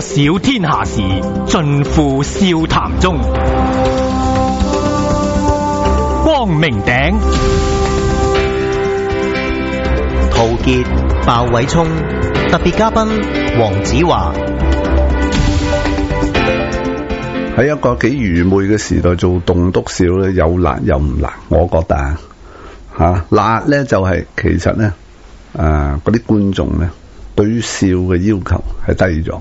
小天下事，盡付笑談中。光明頂，陶傑、鮑偉聰，特別嘉賓黃子華喺一個幾愚昧嘅時代做棟篤笑咧，有辣又唔辣，我覺得吓、啊、辣咧就係、是、其實咧啊，嗰啲觀眾咧對於笑嘅要求係低咗。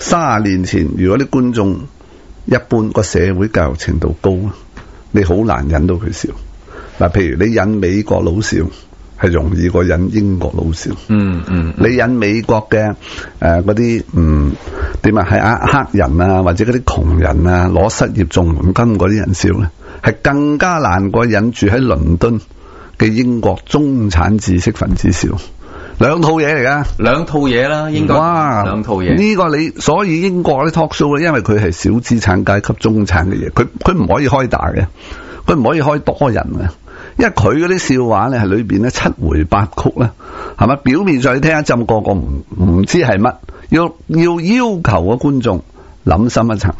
卅年前，如果啲觀眾一般個社會教育程度高，你好難引到佢笑。嗱，譬如你引美國佬笑，係容易過引英國佬笑。嗯嗯，嗯嗯你引美國嘅誒嗰啲唔點啊，係啊黑人啊，或者嗰啲窮人啊，攞失業綜援金嗰啲人笑咧，係更加難過引住喺倫敦嘅英國中產知識分子笑。兩套嘢嚟噶，兩套嘢啦，英國。哇、啊，兩套嘢。呢、這個你所以英國啲 talk show 咧，因為佢係小資產階級中產嘅嘢，佢佢唔可以開大嘅，佢唔可以開多人嘅，因為佢嗰啲笑話咧係裏邊咧七回八曲啦，係咪？表面上你聽一陣個個唔唔知係乜，要要要求個觀眾諗深一層。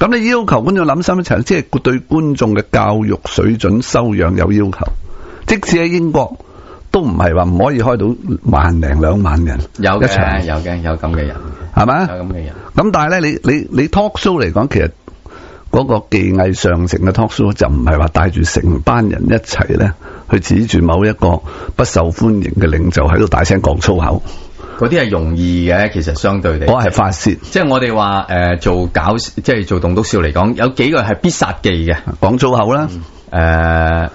咁你要求觀眾諗深一層，即、就、係、是、對觀眾嘅教育水準、修養有要求。即使喺英國。都唔係話唔可以開到萬零兩萬人，有嘅，一場，有嘅，吧有咁嘅人，係咪？有咁嘅人。咁但係咧，你你你 talk show 嚟講，其實嗰個技藝上乘嘅 talk show 就唔係話帶住成班人一齊咧去指住某一個不受歡迎嘅領袖喺度大聲講粗口。嗰啲係容易嘅，其實相對嚟。洩我係發泄，即係我哋話誒做搞即係做棟篤笑嚟講，有幾個係必殺技嘅，講粗口啦，誒、嗯。呃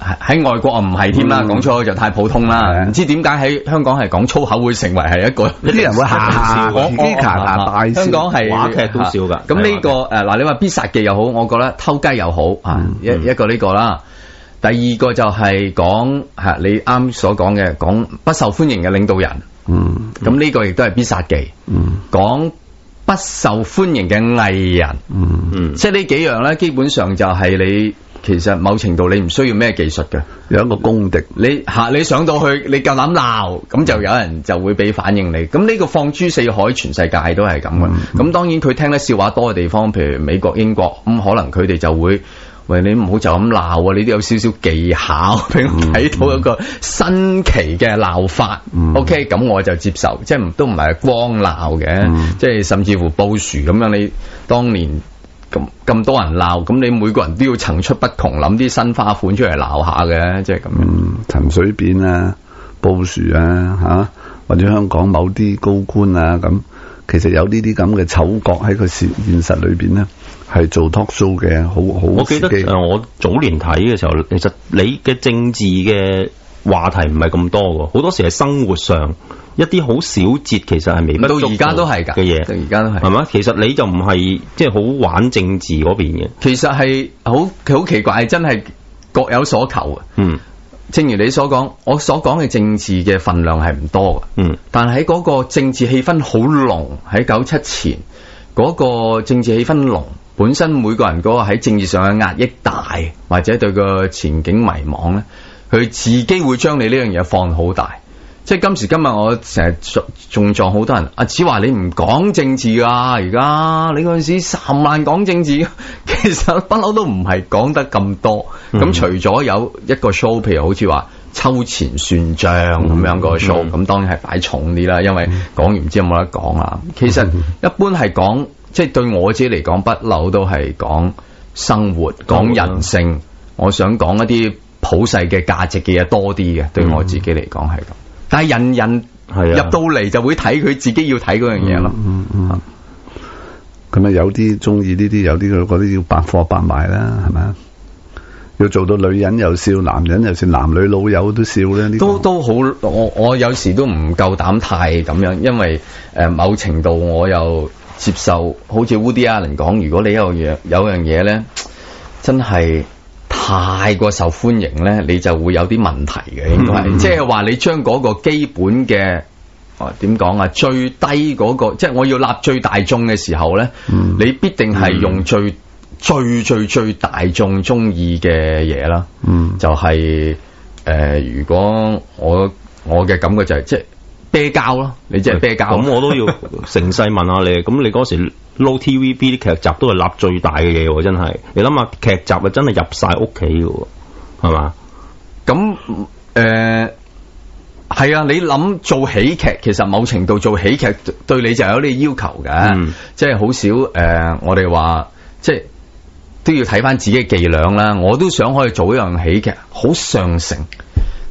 喺外國唔係添啦，講粗口就太普通啦。唔知點解喺香港係講粗口會成為係一個，啲人會下下講，下下大笑，話劇都少噶。咁呢個誒嗱，你話必殺技又好，我覺得偷雞又好啊，一一個呢個啦。第二個就係講吓你啱所講嘅，講不受歡迎嘅領導人。嗯，咁呢個亦都係必殺技。嗯，講不受歡迎嘅藝人。嗯，即係呢幾樣咧，基本上就係你。其實某程度你唔需要咩技術嘅，有一個公敵，你吓你上到去你夠膽鬧，咁就有人就會俾反應你。咁呢個放諸四海，全世界都係咁嘅。咁、嗯、當然佢聽得笑話多嘅地方，譬如美國、英國，咁、嗯、可能佢哋就會喂你唔好就咁鬧啊！你都有少少技巧，嗯、 俾我睇到一個新奇嘅鬧法。O K，咁我就接受，即係都唔係光鬧嘅，嗯、即係甚至乎布殊咁樣。你當年。咁咁多人鬧，咁你每個人都要層出不窮諗啲新花款出嚟鬧下嘅，即係咁樣。陳、嗯、水扁啊，布殊啊，吓、啊、或者香港某啲高官啊，咁其實有呢啲咁嘅丑角喺個現現實裏邊咧，係做 talk show 嘅，好好。我記得、呃、我早年睇嘅時候，其實你嘅政治嘅話題唔係咁多噶，好多時係生活上。一啲好小節其實係未到而家都係噶嘅嘢，到而家都係係嘛？其實你就唔係即係好玩政治嗰邊嘅。其實係好好奇怪，真係各有所求嘅。嗯，正如你所講，我所講嘅政治嘅份量係唔多嘅。嗯，但係喺嗰個政治氣氛好濃，喺九七前嗰個政治氣氛濃，本身每個人嗰個喺政治上嘅壓抑大，或者對個前景迷茫咧，佢自己會將你呢樣嘢放好大。即係今時今日，我成日仲撞好多人。阿子華，你唔講政治噶？而家你嗰陣時三萬講政治，其實不嬲都唔係講得咁多。咁、嗯、除咗有一個 show，譬如好似話秋前算賬咁樣個 show，咁、嗯、當然係擺重啲啦。因為講完之後冇得講啊。其實一般係講，即、就、係、是、對我自己嚟講，不嬲都係講生活、講人性。嗯、我想講一啲普世嘅價值嘅嘢多啲嘅，對我自己嚟講係咁。但係人人係入到嚟就會睇佢自己要睇嗰樣嘢咯、嗯。嗯嗯。咁、嗯、啊，有啲中意呢啲，有啲佢嗰啲要百貨百賣啦，係咪啊？要做到女人又笑，男人又笑，男女老友都笑咧。這個、都都好，我我有時都唔夠膽太咁樣，因為誒、呃，某程度我又接受，好似活地亞倫講，如果你有樣有樣嘢咧，真係。太過受歡迎咧，你就會有啲問題嘅，應該係，嗯、即係話你將嗰個基本嘅，點講啊？最低嗰、嗰個，即係我要立最大眾嘅時候咧，嗯、你必定係用最、嗯、最最最大眾中意嘅嘢啦，嗯、就係、是，誒、呃，如果我我嘅感覺就係、是，即係。啤膠咯你即係啤膠咁，我都要成世問下你。咁 你嗰時撈 TVB 啲劇集都係立最大嘅嘢，真係。你諗下劇集啊，真係入晒屋企嘅，係嘛？咁誒、嗯、係、嗯、啊、嗯嗯。你諗做喜劇，其實某程度做喜劇對你就有啲要求嘅，即係好少。誒，我哋話即係都要睇翻自己嘅伎倆啦。我都想可以做一樣喜劇，好上乘。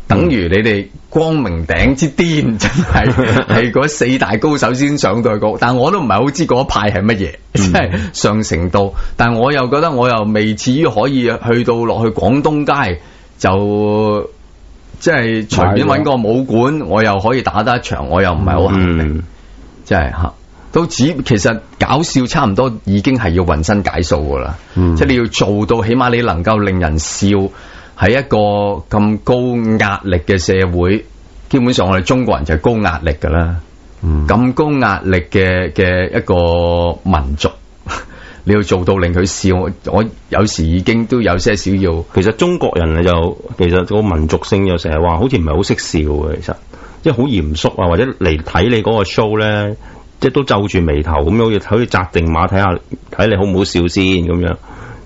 等於你哋光明頂之巔，真係係嗰四大高手先上到去高。但係我都唔係好知嗰一派係乜嘢，即係、嗯、上乘到。但係我又覺得我又未至於可以去到落去廣東街，就即係隨便揾個武館，的我又可以打得一場，我又唔係好肯定。即係吓，都只其實搞笑差唔多，已經係要渾身解數噶啦。即係、嗯、你要做到，起碼你能夠令人笑。喺一個咁高壓力嘅社會，基本上我哋中國人就係高壓力噶啦。咁、嗯、高壓力嘅嘅一個民族， 你要做到令佢笑，我有時已經都有些少要。其實中國人又其實個民族性又成日話，好似唔係好識笑嘅。其實即係好嚴肅啊，或者嚟睇你嗰個 show 咧，即係都皺住眉頭咁樣，好似好似紮定馬睇下，睇你好唔好笑先咁樣。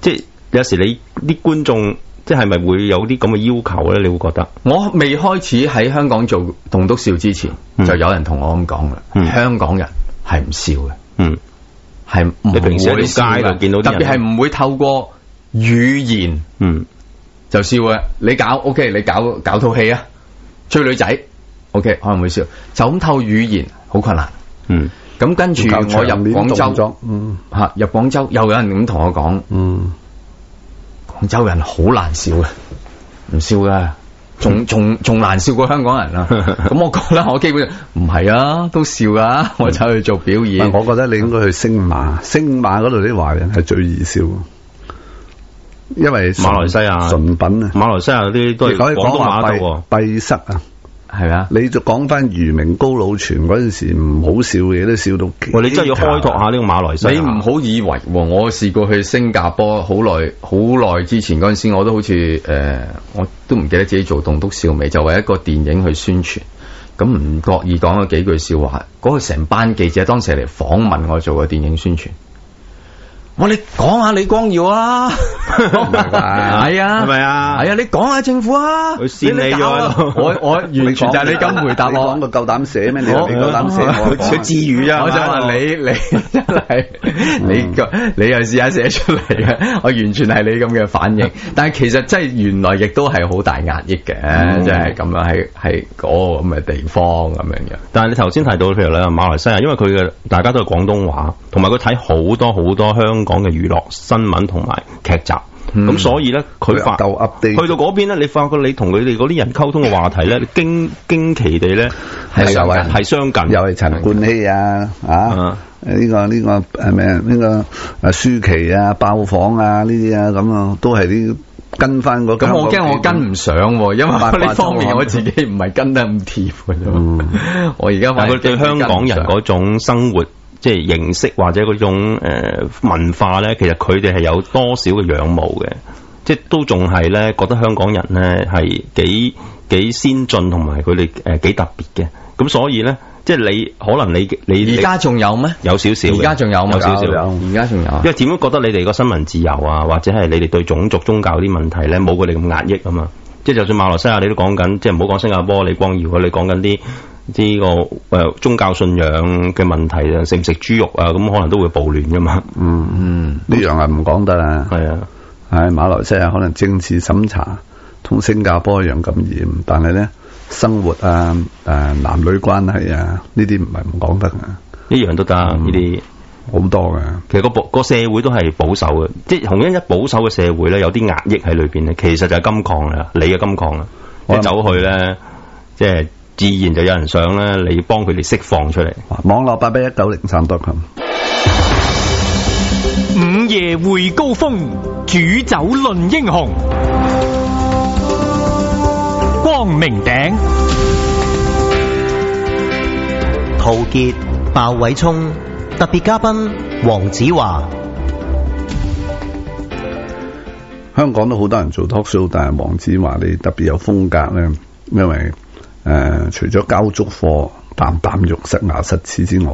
即係有時你啲觀眾。即係咪會有啲咁嘅要求咧？你會覺得我未開始喺香港做棟篤笑之前，嗯、就有人同我咁講啦。嗯、香港人係唔笑嘅，嗯，係唔會喺街度見到，特別係唔會透過語言，嗯，就笑嘅。你搞 O、okay, K，你搞搞套戲啊，追女仔，O、okay, K，可能會笑，就咁透過語言好困難，嗯。咁跟住我入廣州，嗯，吓入廣州又有人咁同我講，嗯。廣州人好難笑嘅，唔笑噶，仲仲仲難笑過香港人啊？咁 我覺得我基本上唔係啊，都笑噶，啊。我走去做表演，嗯、我覺得你應該去星馬，嗯、星馬嗰度啲華人係最易笑，因為馬來西亞純品啊，馬來西亞嗰啲都係講講馬道閉塞啊。係啊，你就講返愚民高老全嗰陣時唔好笑嘅嘢，都笑到哇！你真係要開拓下呢個馬來西亞。你唔好以為我試過去新加坡好耐，好耐之前嗰陣時，我都好似誒、呃，我都唔記得自己做棟篤笑未，就為一個電影去宣傳。咁唔覺意講咗幾句笑話，嗰、那個成班記者當時嚟訪問我做個電影宣傳。我你講下李光耀啊，係啊，係咪啊？係啊，你講下政府啊？佢你我我完全就係你咁回答我，我夠膽寫咩？你你夠膽寫？佢自語啊！我就話你你真係你個你又試下寫出嚟嘅，我完全係你咁嘅反應。但係其實真係原來亦都係好大壓抑嘅，即係咁樣喺喺嗰個咁嘅地方咁樣嘅。但係你頭先提到譬如咧馬來西亞，因為佢嘅大家都係廣東話，同埋佢睇好多好多香。講嘅娛樂新聞同埋劇集，咁所以咧，佢發去到嗰邊咧，你發覺你同佢哋嗰啲人溝通嘅話題咧，驚驚奇地咧，係係相近，又係陳冠希啊啊，呢個呢個係咩？啊？呢個啊舒淇啊，爆房啊呢啲啊咁啊，都係啲跟翻嗰。咁我驚我跟唔上，因為呢方面我自己唔係跟得咁貼。嗯，我而家話佢對香港人嗰種生活，即係形式或者嗰種誒、呃、文化咧，其實佢哋係有多少嘅仰慕嘅，即係都仲係咧覺得香港人咧係幾幾先進同埋佢哋誒幾特別嘅，咁所以咧，即係你可能你你而家仲有咩？有少少，而家仲有嘛？有少少，而家仲有。有因為點樣覺得你哋個新聞自由啊，或者係你哋對種族宗教啲問題咧，冇佢哋咁壓抑啊嘛。即係就算馬來西亞你都講緊，即係唔好講新加坡李光耀，你講緊啲。啲、這個誒、呃、宗教信仰嘅問題啊，食唔食豬肉啊，咁可能都會暴亂噶嘛。嗯嗯，呢、嗯、樣係唔講得啊。係啊、哎，喺馬來西亞可能政治審查同新加坡一樣咁嚴，但係咧生活啊誒、啊、男女關係啊呢啲唔係唔講得啊。不不得一樣都得呢啲，好、嗯、些多噶。其實、那個那個社會都係保守嘅，即係同樣一保守嘅社會咧，有啲壓抑喺裏邊咧，其實就係金礦啦，你嘅金礦啦，你走我 說 去咧，即係。自然就有人想咧，你幫佢哋釋放出嚟，網絡八八一九零三多琴，午夜會高峰，煮酒論英雄，光明頂，陶傑、鮑偉聰，特別嘉賓黃子華。華香港都好多人做 talk show，但係黃子華你特別有風格咧，因為。誒、呃，除咗交足貨、啖啖肉、實牙實齒之外，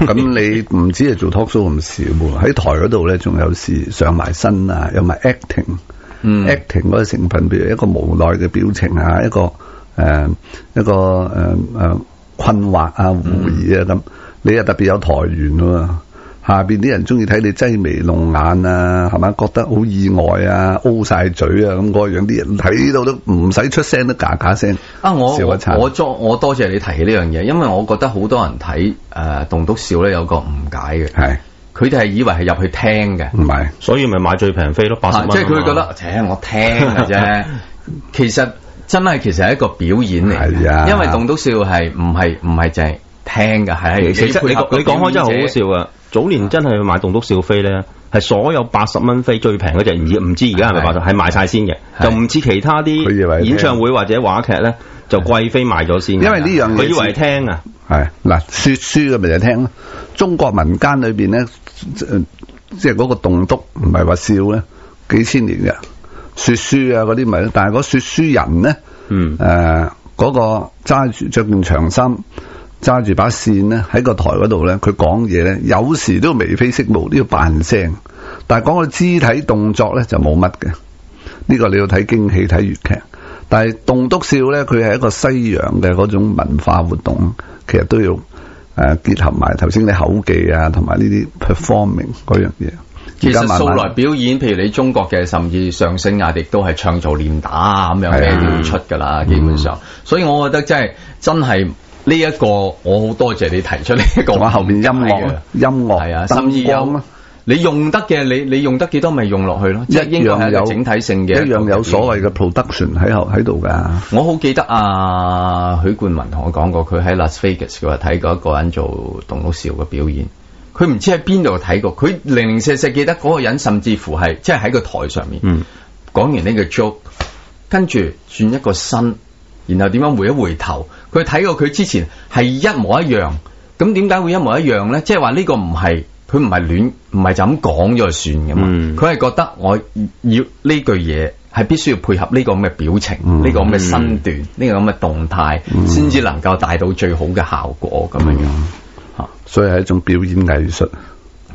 咁 你唔止係做 talk show 咁少喎，喺 台嗰度咧仲有時上埋身啊，有埋 acting，acting、嗯、嗰個成分，譬如一個無奈嘅表情啊，一個誒、呃、一個誒誒、呃呃、困惑啊、狐疑啊咁、嗯，你又特別有台緣啊嘛。下邊啲人中意睇你擠眉弄眼啊，係咪覺得好意外啊、O 晒嘴啊咁嗰樣？啲人睇到都唔使出聲都㗎㗎聲。啊，我我我多我多謝你提起呢樣嘢，因為我覺得好多人睇誒棟篤笑咧有個誤解嘅，係佢哋係以為係入去聽嘅，唔係，所以咪買最平飛咯，八十蚊。即係佢覺得，誒，我聽嘅啫。其實真係其實係一個表演嚟，係啊，因為棟篤笑係唔係唔係淨係聽嘅，係。其實你你講開真係好好笑啊。早年真係去買棟篤笑飛咧，係所有八十蚊飛最平嗰隻，而唔知而家係咪八十，係賣晒先嘅，是就唔似其他啲演唱會或者話劇咧，就貴飛賣咗先。因為呢樣嘢佢以為聽啊，係嗱說書嘅咪就聽咯。中國民間裏邊咧、呃，即係嗰個棟篤唔係話笑咧，幾千年嘅說書啊嗰啲咪，但係嗰說書人咧，嗯誒嗰個揸住着件長衫。揸住把線咧，喺個台嗰度咧，佢講嘢咧，有時都眉飛色舞，都要扮聲。但係講個肢體動作咧，就冇乜嘅。呢、這個你要睇京戲，睇粵劇。但係棟篤笑咧，佢係一個西洋嘅嗰種文化活動，其實都要誒、呃、結合埋頭先你口技啊，同埋呢啲 performing 嗰樣嘢。其實素來表演，譬如你中國嘅，甚至上升亞迪都係唱做連打啊咁樣嘅都出噶啦，基本上。嗯、所以我覺得真係真係。呢一、這個我好多謝你提出呢、這、一個，後面音樂音樂係啊，甚至光有嗎你用得嘅，你你用得幾多咪用落去咯。一，即一,一樣有一整體性嘅，一樣有所謂嘅 production 喺後喺度㗎。我好記得啊，許冠文同我講過，佢喺 Las Vegas，佢話睇過一個人做棟篤笑嘅表演。佢唔知喺邊度睇過，佢零零碎碎記得嗰個人，甚至乎係即係喺個台上面、嗯、講完呢個 joke 跟住轉一個身，然後點樣回一回頭。佢睇過佢之前係一模一樣，咁點解會一模一樣咧？即係話呢個唔係佢唔係亂，唔係就咁講咗就算㗎嘛。佢係覺得我要呢句嘢係必須要配合呢個咁嘅表情，呢個咁嘅身段，呢個咁嘅動態，先至能夠帶到最好嘅效果咁樣。吓，所以係一種表演藝術，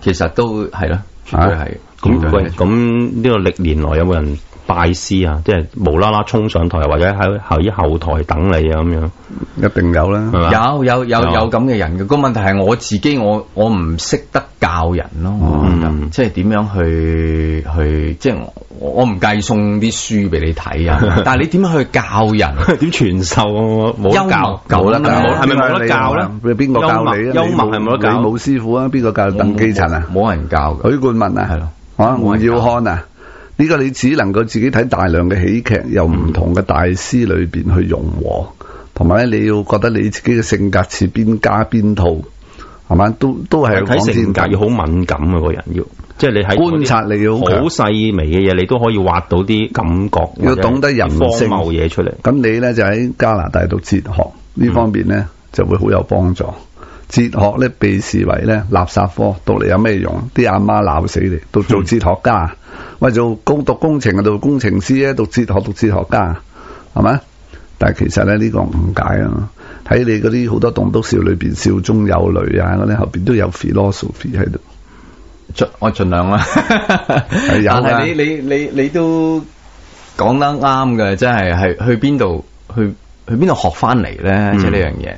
其實都係啦，絕對係。咁咁呢個歷年來有冇人？拜師啊，即係無啦啦衝上台，或者喺校醫後台等你啊？咁樣一定有啦，有有有有咁嘅人嘅。個問題係我自己，我我唔識得教人咯，即係點樣去去，即係我我唔介意送啲書俾你睇啊。但係你點樣去教人？點傳授？冇教冇得教，係咪冇得教咧？邊個教你？幽默係冇得教，冇師傅啊？邊個教鄧寄塵啊？冇人教嘅，許冠文啊，係咯，黃耀康啊。呢個你只能夠自己睇大量嘅喜劇，由唔同嘅大師裏邊去融和。同埋咧你要覺得你自己嘅性格似邊家邊套，係咪？都都係睇性格要好敏感嘅，個人要，即係你係觀察你要好細微嘅嘢，你都可以挖到啲感覺，要懂得人性冇嘢出嚟。咁、嗯、你咧就喺加拿大讀哲學呢方面咧，就會好有幫助。哲學咧被視為咧垃圾科，讀嚟有咩用？啲阿媽鬧死你，讀做哲學家，喂做工讀讀工程啊，讀工程師咧，讀哲學，讀哲學家，係咪？但係其實咧呢個唔解啊，睇你嗰啲好多棟篤笑裏邊笑中有淚啊，嗰啲後邊都有 philosophy 喺度，盡我盡量啦。但係你你你你都講得啱嘅，真係係去邊度去去邊度學翻嚟咧？即係呢樣嘢。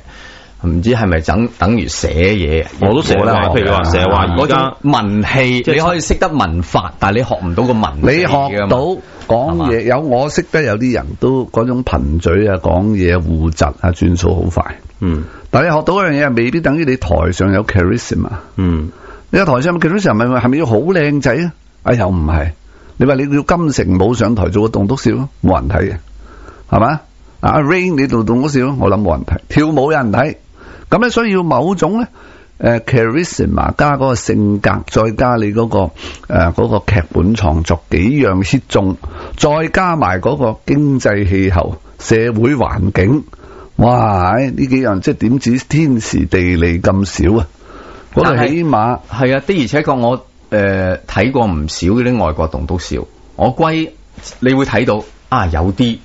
唔知係咪等等於寫嘢？我都寫啦。譬如你話寫話，嗰種文氣，你可以識得文法，但係你學唔到個文。你學到講嘢，有我識得有啲人都嗰種貧嘴啊，講嘢互窒啊，轉數好快。嗯，但係你學到一樣嘢，未必等於你台上有 charisma。嗯，你話台上 charisma 咪咪係咪要好靚仔啊？啊，又唔係。你話你要金城武上台做個棟篤笑咯，冇人睇嘅，係嘛？阿 Rain 你做棟篤笑，我諗冇人睇。跳舞有人睇。咁咧，所以要某種咧，誒，charisma 加嗰個性格，再加你嗰、那個誒嗰、呃那個劇本創作幾樣協眾，再加埋嗰個經濟氣候、社會環境，哇！呢幾樣即係點止天時地利咁少啊？那個、但係起碼係啊，的而且確我誒睇、呃、過唔少嗰啲外國棟篤笑，我歸你會睇到啊，有啲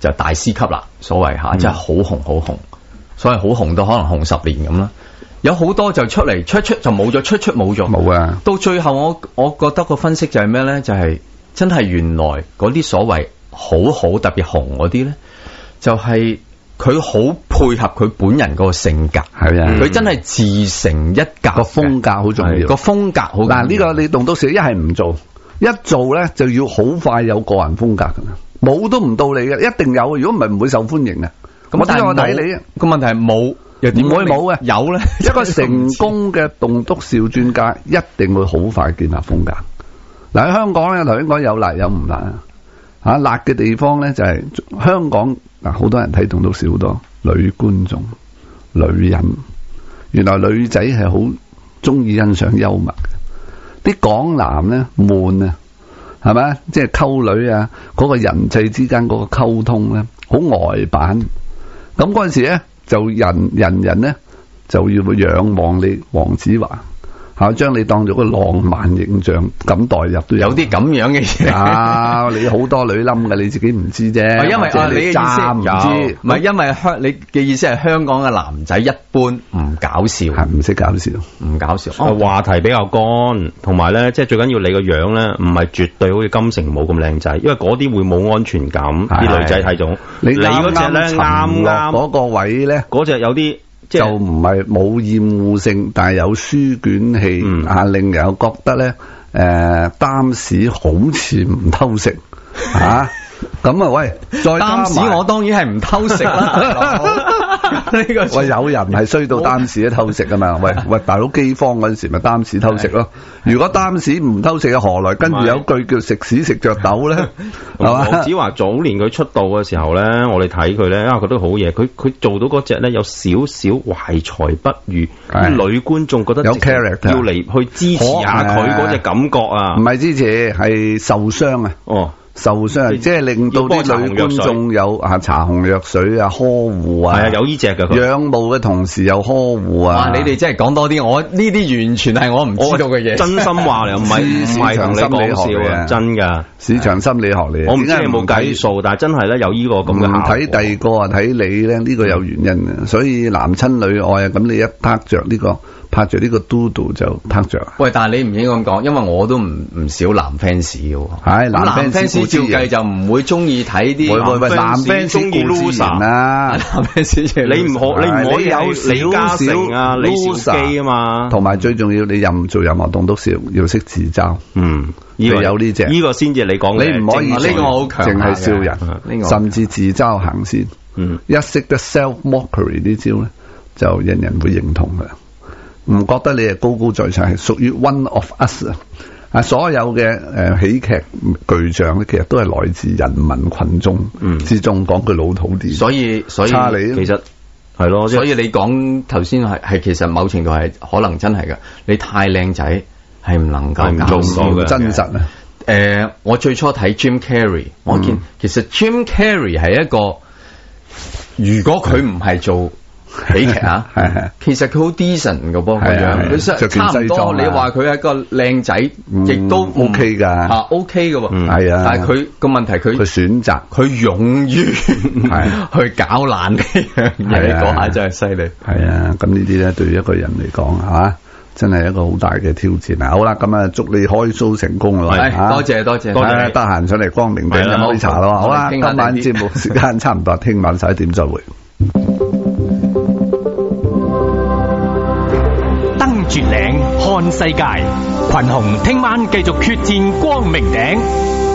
就大師級啦，所謂吓、啊，真係好紅好紅。嗯所以好紅都可能紅十年咁啦，有好多就出嚟，出出就冇咗，出出冇咗。冇啊！出出有到最後我我覺得個分析就係咩咧？就係、是、真係原來嗰啲所謂好好特別紅嗰啲咧，就係佢好配合佢本人個性格。係啊的，佢真係自成一格，個風格好重要，個的風格好重要。嗱呢的個你弄到時一係唔做，一做咧就要好快有個人風格噶冇都唔到你嘅，一定有。如果唔係唔會受歡迎啊！咁所以我睇你啊，個問題係冇？又點會冇嘅，有咧，一個成功嘅棟篤笑專家一定會好快建立風格。嗱喺香港咧，頭先講有辣有唔辣啊，吓，辣嘅地方咧就係香港。嗱，好多人睇棟篤笑，好多女觀眾、女人，原來女仔係好中意欣賞幽默嘅。啲港男咧悶啊，係咪啊？即係溝女啊，嗰個人際之間嗰個溝通咧，好呆板。咁嗰陣時咧，就人人人咧就要仰望你黃子華。啊！將你當做個浪漫形象咁代入都有啲咁樣嘅嘢啊！你好多女冧嘅，你自己唔知啫。啊，因為你唔知，唔係因為香，你嘅意思係香港嘅男仔一般唔搞笑，係唔識搞笑，唔搞笑，話題比較乾，同埋咧，即係最緊要你個樣咧，唔係絕對好似金城武咁靚仔，因為嗰啲會冇安全感，啲女仔睇到。你嗰隻咧，啱啱沉落嗰個位咧，嗰隻有啲。就唔係冇厭惡性，但係有書卷氣啊，嗯、令人又覺得咧，誒擔屎好似唔偷食啊！ 咁啊喂！再擔屎我當然係唔偷食啦。呢個喂有人係衰到擔屎都偷食噶嘛？喂喂，大佬饑荒嗰時咪擔屎偷食咯？如果擔屎唔偷食，何來跟住有句叫「食屎食着豆」咧？係嘛？子華早年佢出道嘅時候咧，我哋睇佢咧，啊覺得好嘢。佢佢做到嗰隻咧，有少少懷才不遇。啲女觀眾覺得有 character 要嚟去支持下佢嗰隻感覺啊？唔係支持，係受傷啊！哦。受傷，即係令到啲女觀眾有啊，搽紅藥水啊呵護啊，係啊，有依隻嘅，仰慕嘅同時又呵護啊。哇！你哋真係講多啲，我呢啲完全係我唔知道嘅嘢，真心話嚟，唔係唔係同你講笑啊，真噶市場心理學嚟。我唔知你有冇計數，但係真係咧有呢個咁嘅效果。睇第二個啊，睇你咧呢個有原因啊。所以男親女愛啊，咁你一撻着呢個，拍住呢個嘟嘟就拍著。喂，但係你唔應該咁講，因為我都唔唔少男 fans 嘅。唉，男 fans 照計就唔會中意睇啲男 fans。中男 fans 你唔可，你唔可以有李嘉誠啊、李兆基啊嘛。同埋最重要，你任做任何動都少要識自嘲。嗯，以為有呢隻，呢個先至你講。你唔可以呢個好強，淨係笑人，甚至自嘲行先。一識得 self mockery 呢招咧，就人人會認同嘅。唔覺得你係高高在上，係屬於 one of us 啊！所有嘅誒、呃、喜劇巨匠咧，其實都係來自人民群眾、嗯、之中。講句老土啲，所以所以你其實係咯，所以你講頭先係係其實某程度係可能真係噶。你太靚仔係唔能夠做到嘅真實啊！誒、呃，我最初睇 Jim Carrey，我見、嗯、其實 Jim Carrey 係一個如果佢唔係做。嗯喜劇啊，係係，其實佢好 decent 噶噃咁樣，佢實差唔多。你話佢係一個靚仔，亦都 OK 噶，吓 OK 噶，係啊。但係佢個問題，佢選擇，佢勇於去搞爛嘅。你講下真係犀利，係啊。咁呢啲咧，對一個人嚟講，係真係一個好大嘅挑戰啊。好啦，咁啊，祝你開 show 成功啦。係，多謝多謝，得閒上嚟光明頂飲杯茶咯。好啦，今晚節目時間差唔多，聽晚十一點再會。絕嶺看世界，群雄聽晚繼續決戰光明頂。